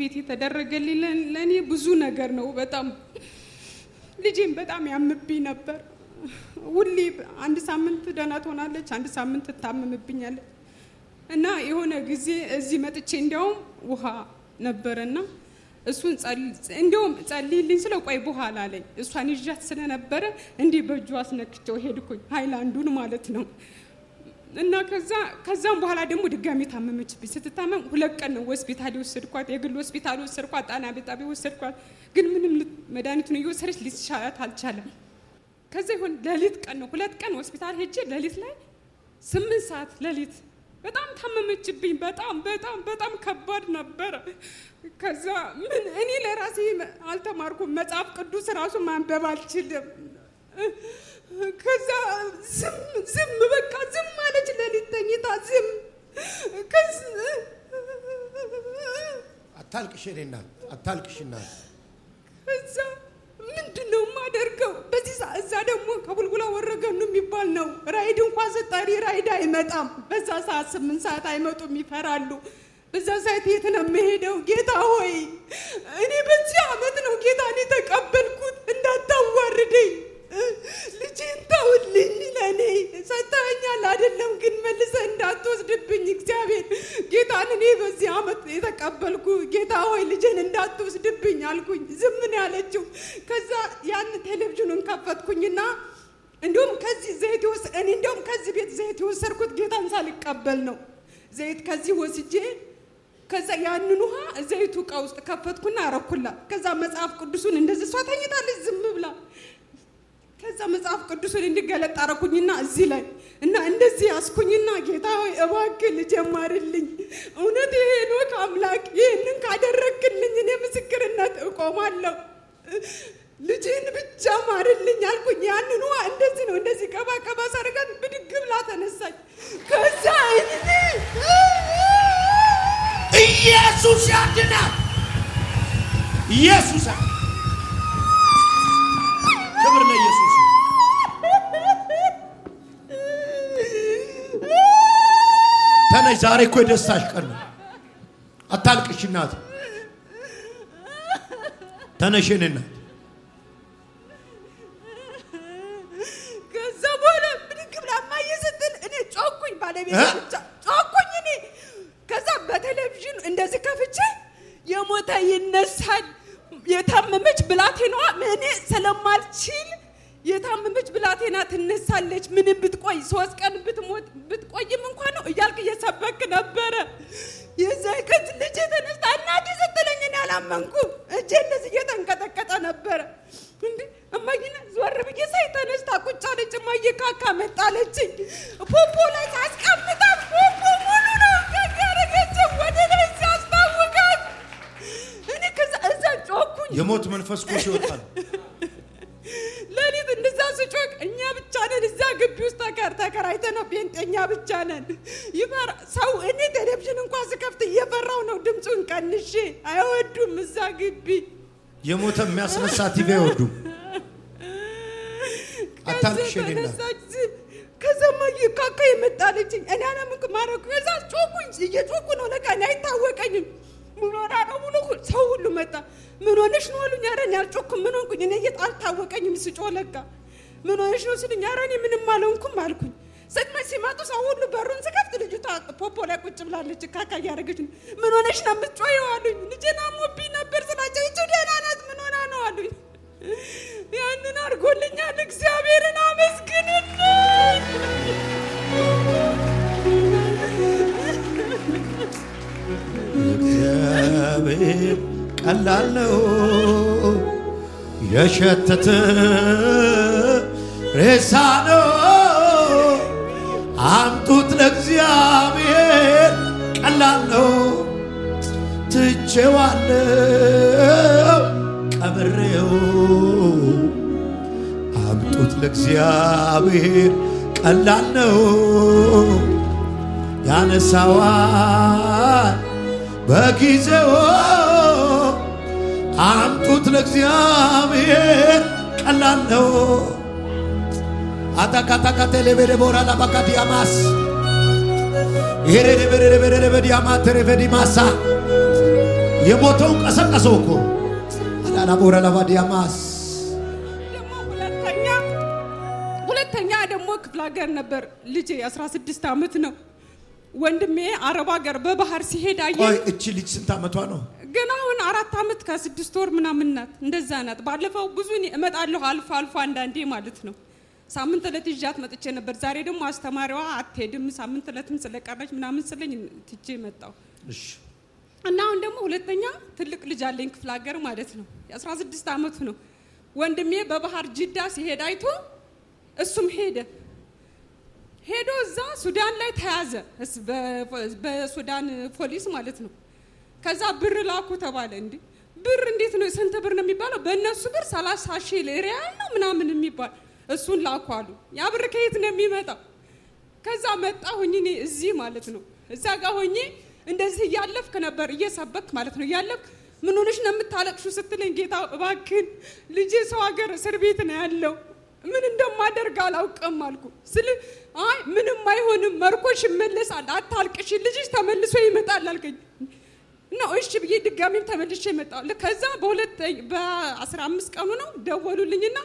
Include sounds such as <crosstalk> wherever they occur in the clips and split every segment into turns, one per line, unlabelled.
ቤት የተደረገልኝ ለእኔ ብዙ ነገር ነው። በጣም ልጄም በጣም ያምብኝ ነበር። ሁሌ አንድ ሳምንት ደህና ትሆናለች፣ አንድ ሳምንት ትታመምብኛለች እና የሆነ ጊዜ እዚህ መጥቼ እንዲያውም ውሃ ነበረና እሱን እንዲሁም ጸልይልኝ ስለ ቆይ በኋላ ላይ እሷን ይዣት ስለነበረ እንዲህ በእጁ አስነክቸው ሄድኩኝ፣ ሀይላንዱን ማለት ነው። እና ከዛም በኋላ ደግሞ ድጋሚ ታመመችብኝ። ስትታመም ሁለት ቀን ነው ሆስፒታል የወሰድኳት፣ የግል ሆስፒታል ወሰድኳት፣ ጣና ቤጣቤ ወሰድኳት። ግን ምንም መድኃኒቱን እየወሰደች ሊሻላት አልቻለም። ከዚ ይሆን ሌሊት ቀን ነው ሁለት ቀን ሆስፒታል ሄጄ ሌሊት ላይ ስምንት ሰዓት ሌሊት በጣም ታመመችብኝ። በጣም በጣም በጣም ከባድ ነበረ። ከዛ ምን እኔ ለራሴ አልተማርኩም፣ መጽሐፍ ቅዱስ ራሱ ማንበብ አልችልም። ከዛ ዝም ዝም በቃ ዝም አለች። ሌሊት ተኝታ ዝም
አታልቅሽ፣ እኔ አታልቅሽ እናት።
ከዛ ምንድን ነው የማደርገው በዚህ እዛ ደግሞ ከቡልቡላ ወረገኑ የሚባል ነው። ራይድ እንኳን ስጠሪ ራይድ አይመጣም። በዛ ሰዓት ስምንት ሰዓት አይመጡም፣ ይፈራሉ። በዛ ሰዓት የት ነው የምሄደው? ጌታ ሆይ እኔ በዚህ ዓመት ነው ጌታ እኔ እንዳታዋርደኝ እኔ ሰጥተኸኛል አይደለም፣ ግን መልሰህ እንዳትወስድብኝ እግዚአብሔር ጌታን እኔ በዚህ አመት የተቀበልኩ ጌታ ሆይ ልጄን እንዳትወስድብኝ አልኩኝ። ዝምን ያለችው። ከዛ ያን ቴሌቪዥኑን ከፈትኩኝና እንዲሁም ከዚህ ዘይት ወስ እኔ እንዲሁም ከዚህ ቤት ዘይት የወሰድኩት ጌታን ሳልቀበል ነው። ዘይት ከዚህ ወስጄ ከዛ ያንን ውሃ ዘይቱ ዕቃ ውስጥ ከፈትኩና አረኩላ። ከዛ መጽሐፍ ቅዱሱን እንደዚህ እሷ ተኝታለች ዝም ብላ ከዛ መጽሐፍ ቅዱስን እንድገለጥ አረኩኝና እዚህ ላይ እና እንደዚህ ያስኩኝና ጌታ ሆይ እባክህ ልጅ ማርልኝ። እውነት ሄኖክ ከአምላክ ይህንን ካደረግክልኝ እኔ ምስክርነት እቆማለሁ። ልጅን ብቻ ማርልኝ አልኩኝ። ያንን ዋ እንደዚህ ነው እንደዚህ ቀባ ቀባ ሳርጋት ብድግ ብላ ተነሳች። ከዛ
ኢየሱስ ያድናል። ኢየሱስ ነሽ። ዛሬ እኮ የደስታሽ ቀን ነው። አታልቅሽ እናት፣ ተነሽን እናት።
ከዛ በኋላ ብድግ ብላ እማዬ ስትል እኔ ጮኩኝ፣ ባለቤት ጮኩኝ። እኔ ከዛ በቴሌቪዥን እንደዚህ ከፍቼ የሞተ ይነሳል የታመመች ብላቴናዋ እኔ ስለማልችል የታመመች ብላቴና ትነሳለች፣ ምንም ብትቆይ ሶስት ቀን ብትሞት ብትቆይም እንኳን ነው እያልክ እየሰበክ ነበረ። የዛ ከት ልጅ የተነስታ እናቴ ስትለኝን ያላመንኩ እጄ እንደዚህ እየተንቀጠቀጠ ነበረ። እንዲ እማዬና ዞር ብዬ ሳይ ተነስታ ቁጭ አለች። እማዬ ካካ መጣለችኝ። ፖፖ ላይ ታስቀምጣ ፖፖ ሙሉ ነው ያረገችው ወደ ላይ ሲያስታውቃት እኔ ከዛ እዛ ጮኩኝ።
የሞት መንፈስ ኮሽ ይወጣል
ነው ጴንጤኛ ብቻ ነን። ሰው እኔ ቴሌቪዥን እንኳን ስከፍት እየፈራው ነው ድምፁን ቀንሼ። አይወዱም እዛ ግቢ
የሞተ የሚያስነሳ ቲቪ አይወዱም። አታንሽ
ከዘማዬ ካካ የመጣለችኝ እኔ አለምክ ማረኩ እዛ ጮኩኝ፣ እየጮኩ ነው ለቃ እኔ አይታወቀኝም። ምኖራ ነው ሙሉ ሰው ሁሉ መጣ። ምን ሆነሽ ነው አሉኝ። ኧረ እኔ አልጮኩም። ምን ሆንኩኝ እኔ የት አልታወቀኝም። ስጮ ለቃ ምን ሆነሽ ነው ስሉኝ፣ ኧረ እኔ ምንም አልሆንኩም አልኩኝ። ስትመጭ ሲመጡ ሰው ሁሉ በሩን ስከፍት ልጅቷ ፖፖ ላይ ቁጭ ብላለች። ካካ እያደረገች ምን ሆነሽ ነው የምትጮይው አሉኝ። ልጄና ሞቢ ነበር ስላቸው ይቺ ደህና ናት ምን ሆና ነው አሉኝ። ያንን አድርጎልኛል። እግዚአብሔርን አመስግንልኝ።
እግዚአብሔር ቀላል ነው የሸተተ ሬሳ ነው አግኝቼዋለሁ ቀብሬው አምጡት ለእግዚአብሔር ቀላል ነው ያነሳዋል በጊዜው አምጡት ለእግዚአብሔር ቀላል ነው አታካታካቴሌቤደ ቦራ ላባካ ዲያማስ ይሄ ሬበሬበሬበዲያማ የቦታውን ቀሰቀሰው እኮ አዳና ቦረ ለባዲያማስ
ሁለተኛ ሁለተኛ ደግሞ ክፍለ ሀገር ነበር። ልጄ 16 ዓመት ነው። ወንድሜ አረብ ሀገር በባህር ሲሄድ አየ።
እቺ ልጅ ስንት ዓመቷ ነው?
ግን አሁን አራት ዓመት ከስድስት ወር ምናምን ናት፣ እንደዛ ናት። ባለፈው ብዙ እመጣለሁ አልፎ አልፎ አንዳንዴ ማለት ነው። ሳምንት ዕለት ይዣት መጥቼ ነበር። ዛሬ ደግሞ አስተማሪዋ አትሄድም ሳምንት ዕለትም ስለቀረች ምናምን ስለኝ ትቼ መጣሁ። እና አሁን ደግሞ ሁለተኛ ትልቅ ልጅ አለኝ ክፍለ ሀገር ማለት ነው። የ16 ዓመቱ ነው ወንድሜ። በባህር ጅዳ ሲሄድ አይቶ እሱም ሄደ። ሄዶ እዛ ሱዳን ላይ ተያዘ፣ በሱዳን ፖሊስ ማለት ነው። ከዛ ብር ላኩ ተባለ። እንዲ ብር እንዴት ነው? ስንት ብር ነው የሚባለው? በእነሱ ብር 30 ሺህ ሪያል ነው ምናምን የሚባል እሱን ላኩ አሉ። ያ ብር ከየት ነው የሚመጣው? ከዛ መጣ ሁኝ እኔ እዚህ ማለት ነው እዛ ጋር ሆኜ እንደዚህ እያለፍክ ነበር እየሰበክ ማለት ነው እያለፍክ ምን ሆነሽ ነው የምታለቅሹ ስትለኝ፣ ጌታ እባክን ልጄ ሰው ሀገር እስር ቤት ነው ያለው ምን እንደማደርግ አላውቅም አልኩ ስል አይ ምንም አይሆንም መርኮሽ ይመለሳል፣ አታልቅሽ፣ ልጅሽ ተመልሶ ይመጣል አልገኝ እና እሺ ብዬ ድጋሚም ተመልሼ ይመጣል። ከዛ በሁለት በአስራ አምስት ቀኑ ነው ደወሉልኝና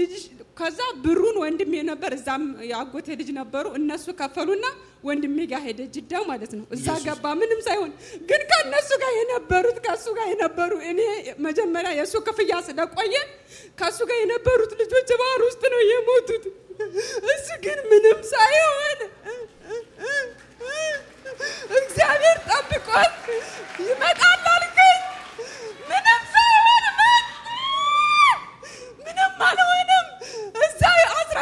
ልጅ ከዛ ብሩን ወንድም ነበር እዛም የአጎቴ ልጅ ነበሩ እነሱ ከፈሉና ወንድሜ ጋር ሄደ፣ ጅዳ ማለት ነው። እዛ ገባ ምንም ሳይሆን፣ ግን ከእነሱ ጋር የነበሩት ከእሱ ጋር የነበሩ እኔ መጀመሪያ የእሱ ክፍያ ስለቆየ ከእሱ ጋር የነበሩት ልጆች ባህር ውስጥ ነው የሞቱት። እሱ ግን ምንም ሳይሆን እግዚአብሔር ጠብቆት ይመጣል አልከኝ። ምንም ሳይሆን ምንም አልሆነ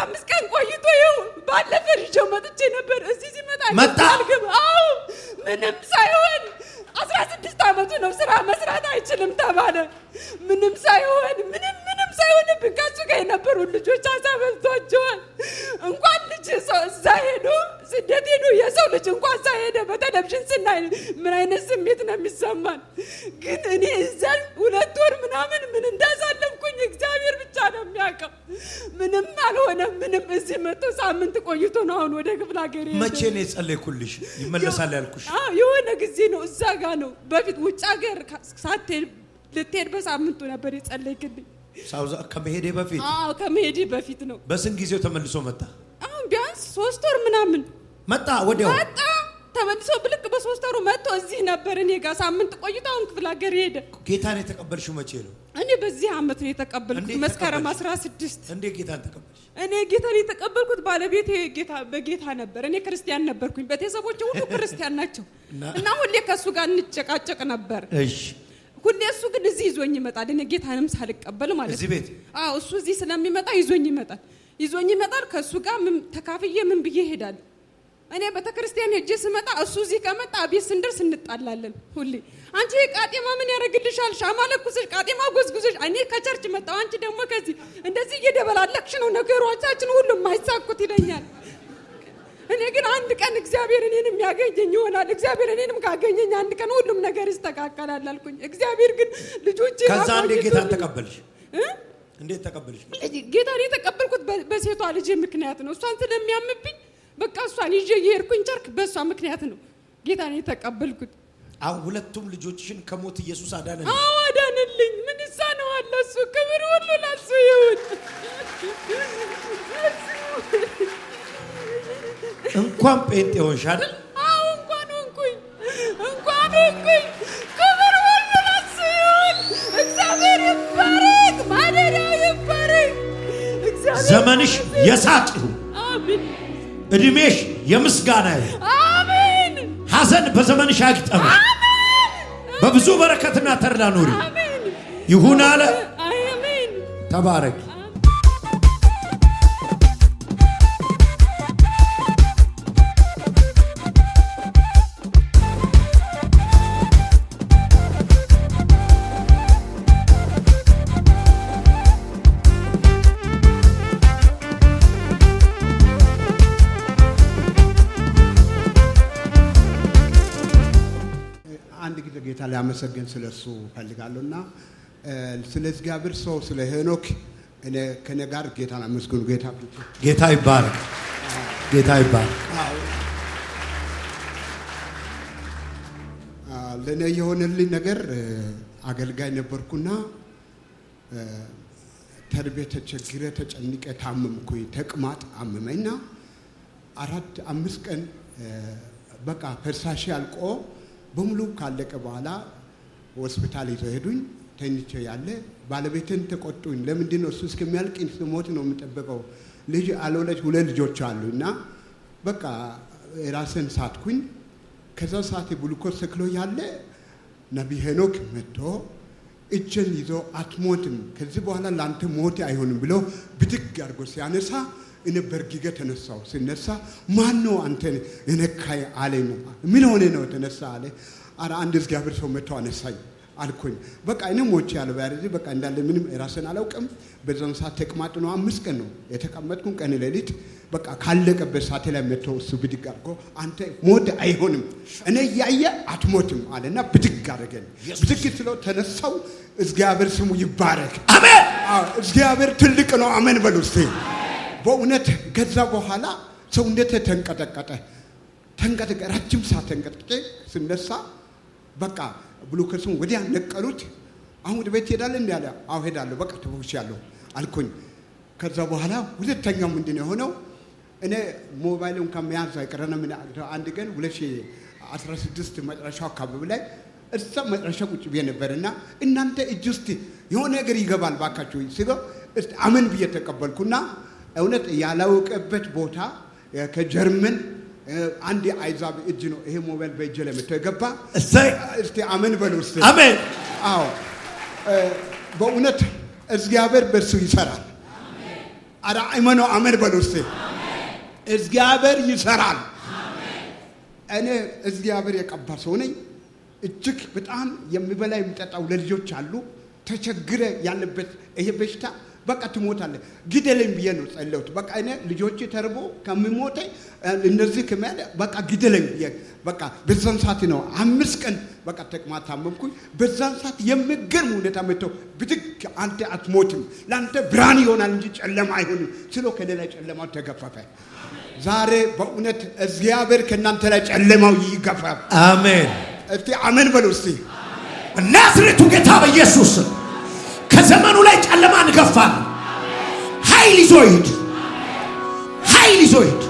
አምስት ቀን ቆይቶ ይኸው ባለፈ ልጀው መጥቼ ነበር። እዚህ ሲመጣ
መጣ አልገባ። አዎ
ምንም ሳይሆን አስራ ስድስት ዓመቱ ነው። ስራ መስራት አይችልም ተባለ። ምንም ሳይሆን ምንም ምንም ሳይሆንብን ከሱ ጋር የነበሩ ልጆች አሳበልቷቸዋል። እንኳን ልጅ እዛ ሄዶ ስደት ሄዶ የሰው ልጅ እንኳን ሳሄደ በቴሌቪዥን ስናይ ምን አይነት ስሜት ነው የሚሰማን? ግን እኔ እዛ ሁለት ወር አልሆነም ምንም። እዚህ መጥቶ ሳምንት ቆይቶ ነው አሁን ወደ ክፍለ ሀገር።
መቼ ነው የጸለይኩልሽ? ይመለሳል ያልኩሽ
የሆነ ጊዜ ነው፣ እዛ ጋ ነው። በፊት ውጭ ሀገር ሳትሄድ ልትሄድ በሳምንቱ ነበር የጸለይክልኝ።
ከመሄዴ በፊት
ከመሄዴ በፊት ነው።
በስንት ጊዜው ተመልሶ መጣ?
አሁን ቢያንስ ሶስት ወር ምናምን
መጣ። ወዲያው
መጣ ተመልሶ ብልክ በሶስት ወሩ መጥቶ እዚህ ነበር እኔ ጋር ሳምንት ቆይቶ አሁን ክፍለ ሀገር ሄደ።
ጌታን የተቀበልሽው መቼ ነው?
እኔ በዚህ አመት ነው የተቀበልኩት። መስከረም 16
እንዴ ጌታን ተቀበልሽ?
እኔ ጌታን የተቀበልኩት ባለቤቴ ጌታ በጌታ ነበር። እኔ ክርስቲያን ነበርኩኝ። ቤተሰቦቼ ሁሉ <laughs> ክርስቲያን ናቸው እና ሁሌ ከእሱ ጋር እንጨቃጨቅ ነበር። እሺ ሁሌ እሱ ግን እዚህ ይዞኝ ይመጣል። እኔ ጌታንም ሳልቀበል ማለት እዚህ ቤት። አዎ እሱ እዚህ ስለሚመጣ ይዞኝ ይመጣል፣ ይዞኝ ይመጣል። ከእሱ ጋር ምን ተካፍዬ ምን ብዬ ይሄዳል? እኔ ቤተክርስቲያን ሄጄ ስመጣ እሱ እዚህ ከመጣ ቤት ስንደርስ እንጣላለን ሁሌ አንቺ ቃጤማ ምን ያደርግልሻል? ሻማ ለኩስሽ፣ ቃጤማ ጎዝጉዝሽ፣ እኔ ከቸርች መጣሁ፣ አንቺ ደግሞ ከዚህ እንደዚህ እየደበላለቅሽ ነው ነገሮቻችን ሁሉ የማይሳኩት ይለኛል። እኔ ግን አንድ ቀን እግዚአብሔር እኔንም ያገኘኝ ይሆናል። እግዚአብሔር እኔንም ካገኘኝ አንድ ቀን ሁሉም ነገር ይስተካከላል አልኩኝ። እግዚአብሔር ግን ልጆች
ከዛ እንዴት ጌታን ተቀበልሽ? እንዴት ተቀበልሽ?
ጌታን የተቀበልኩት በሴቷ ልጅ ምክንያት ነው። እሷን ስለሚያምብኝ በቃ እሷን ይዤ የሄድኩኝ ጨርክ በእሷ ምክንያት ነው ጌታን የተቀበልኩት።
አሁን ሁለቱም ልጆችሽን ከሞት ኢየሱስ አዳነ።
አዳነልኝ። ምን ይሳነዋል? እሱ ክብር ሁሉ ለሱ ይሁን።
እንኳን ጴንጤ ሆንሽ አይደል?
አዎ እንኳን ሆንኩኝ፣ እንኳን ሆንኩኝ። ክብር ሁሉ ለሱ ይሁን። እግዚአብሔር ይባረክ፣ ማደሪያው ይባረክ።
ዘመንሽ የሳቅ ይሁን። እድሜሽ የምስጋና ይሁን።
አሜን።
ሐዘን በዘመንሽ አይግጠምሽ። በብዙ በረከትና ተድላ ኑሪ ይሁን አለ። ተባረክ።
አንድ ጊዜ ጌታ ሊያመሰግን ስለ እሱ ፈልጋለሁና ስለ እግዚአብሔር ሰው ስለ ሄኖክ ከእኔ ጋር ጌታ አመስግኑ። ጌታ
ጌታ ይባረክ። ጌታ ይባረክ።
ለእኔ የሆነልኝ ነገር አገልጋይ ነበርኩና ተርቤ ተቸግረ ተጨንቀ ታመምኩኝ። ተቅማጥ አመመኝና አራት አምስት ቀን በቃ ፈርሳሽ አልቆ በሙሉ ካለቀ በኋላ ሆስፒታል ይዘው ሄዱኝ። ተኝቼ ያለ ባለቤትን ተቆጡኝ። ለምንድን ነው እሱ እስከሚያልቅ ስሞት ነው የምጠበቀው? ልጅ አልወለድ ሁለት ልጆች አሉ እና በቃ የራስን ሳትኩኝ። ከዛ ሰዓት ብሉኮስ ተክሎ ያለ ነቢ ሄኖክ መጥቶ እጄን ይዞ አትሞትም፣ ከዚህ በኋላ ለአንተ ሞት አይሆንም ብሎ ብድግ አድርጎ ሲያነሳ እኔ በእርግጌ ተነሳው። ሲነሳ ማን ነው አንተ የነካኝ አለኝ። ምን ሆነ ነው የተነሳ አለ። ኧረ አንድ እግዚአብሔር ሰው መጥቶ አነሳኝ አልኩኝ። በቃ እኔ ሞቼ ያለ ባያዚ በቃ እንዳለ ምንም ራስን አላውቅም። በዛን ሰዓት ተቅማጥ ነው። አምስት ቀን ነው የተቀመጥኩን ቀን ሌሊት። በቃ ካለቀበት ሰዓት ላይ መጥቶ እሱ ብድግ አድርጎ አንተ ሞት አይሆንም እኔ እያየ አትሞትም አለና ብድግ አደረገን። ብድግ ስለው ተነሳው። እግዚአብሔር ስሙ ይባረክ። አሜን። እግዚአብሔር ትልቅ ነው። አሜን በሉ እስቲ በእውነት ከዛ በኋላ ሰውነቴ ተንቀጠቀጠ ተንቀጠቀ። ረጅም ሰዓት ተንቀጠቀ። ስነሳ በቃ ብሉኬቱን ወዲያ ነቀሉት። አሁን ወደ ቤት ሄዳለ እንዲ ያለ አሁ ሄዳለሁ፣ በቃ ያለሁ አልኩኝ። ከዛ በኋላ ሁለተኛው ምንድን ነው የሆነው? እኔ ሞባይል እንኳን መያዝ አይቀረነ ምን አንድ ቀን 2016 መጨረሻው አካባቢ ላይ እዛ መጨረሻ ቁጭ ብዬ ነበር እና እናንተ እጅ ውስጥ የሆነ ነገር ይገባል ባካችሁ ስገው አመን ብዬ ተቀበልኩና እውነት ያላወቀበት ቦታ ከጀርመን አንድ አይዛብ እጅ ነው ይሄ ሞባይል በእጅ ላይ የገባ እስቲ አመን በሉ ስ አሜን። አዎ በእውነት እግዚአብሔር በእርሱ ይሰራል። አረ አይመኖ አመን በሉ ስ እግዚአብሔር ይሰራል። እኔ እግዚአብሔር የቀባ ሰው ነኝ። እጅግ በጣም የሚበላ የሚጠጣው ለልጆች አሉ። ተቸግረ ያለበት ይሄ በሽታ በቃ ትሞታለህ፣ ግደለኝ ብዬ ነው ጸለውት። በቃ እኔ ልጆች ተርቦ ከሚሞተ እነዚህ ከሚያለ በቃ ግደለኝ ብዬ በቃ በዛን ሰዓት ነው አምስት ቀን በቃ ተቅማጥ ታመምኩኝ። በዛን ሰዓት የሚገርም ሁኔታ መጥቶ ብድግ አንተ አትሞትም፣ ለአንተ ብርሃን ይሆናል እንጂ ጨለማ አይሆንም ስሎ ከሌላ ጨለማ ተገፈፈ። ዛሬ በእውነት እግዚአብሔር ከእናንተ ላይ ጨለማው ይገፋል። አሜን። እስቲ አሜን በሉ እስቲ።
ናዝሬቱ ጌታ በኢየሱስ ከዘመኑ ላይ ጨለማ እንገፋል። ኃይል ይዞ ሂድ፣ ኃይል ይዞ ሂድ።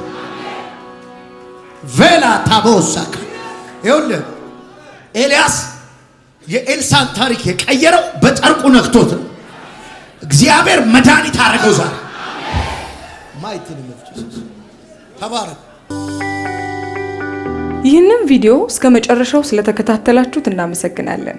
ቬላ ታቦሳካ ይኸውልህ ኤልያስ የኤልሳን ታሪክ የቀየረው በጨርቁ ነክቶት ነው። እግዚአብሔር መድኃኒት አረገው። ዛሬ ማየት ተባረክ።
ይህንም ቪዲዮ እስከ መጨረሻው ስለተከታተላችሁት እናመሰግናለን።